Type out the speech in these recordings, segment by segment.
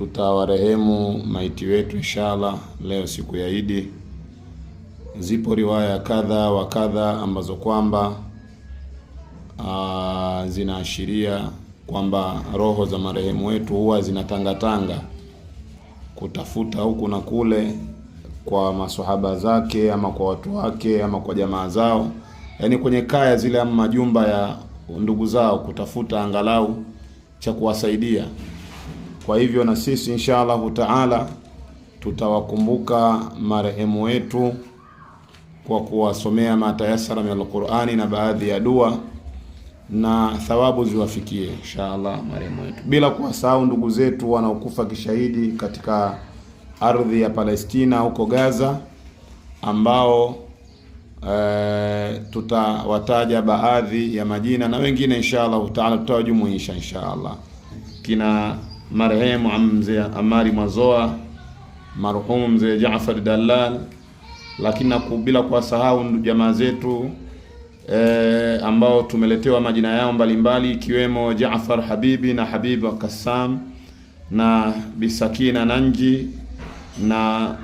tutawarehemu maiti wetu inshallah leo siku ya Idi. Zipo riwaya kadha wa kadha ambazo kwamba ah, zinaashiria kwamba roho za marehemu wetu huwa zinatangatanga kutafuta huku na kule kwa masohaba zake ama kwa watu wake ama kwa jamaa zao, yaani kwenye kaya zile ama majumba ya ndugu zao, kutafuta angalau cha kuwasaidia. Kwa hivyo na sisi insha Allahu taala tutawakumbuka marehemu wetu kwa kuwasomea matayasara min alqurani na baadhi ya dua na thawabu ziwafikie insha Allah marehemu wetu, bila kuwasahau ndugu zetu wanaokufa kishahidi katika ardhi ya Palestina huko Gaza, ambao e, tutawataja baadhi ya majina na wengine insha Allah taala tutawajumuisha insha Allah kina marehemu mzee Amari Mwazoa, marhumu mzee Jaafar Dalal, lakini bila kuwasahau jamaa zetu e, ambao tumeletewa majina yao mbalimbali ikiwemo mbali, Jaafar Habibi na wa Kassam na Bisakina Nanji na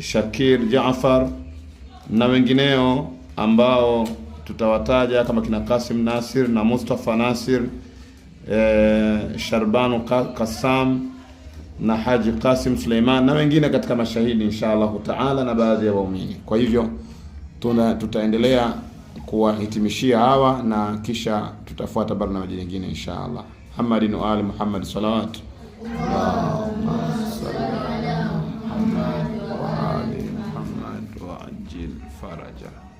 Shakir Jaafar na wengineo ambao tutawataja kama kina Kasim Nasir na Mustafa Nasir Eh, Sharbanu Kasam na Haji Qasim Suleiman na wengine katika mashahidi insha Allahu taala na baadhi ya waumini. Kwa hivyo tuna tutaendelea kuwahitimishia hawa na kisha tutafuata barnamaji nyingine insha Muhammadin wa ali Muhammad salawat Muhammad faraja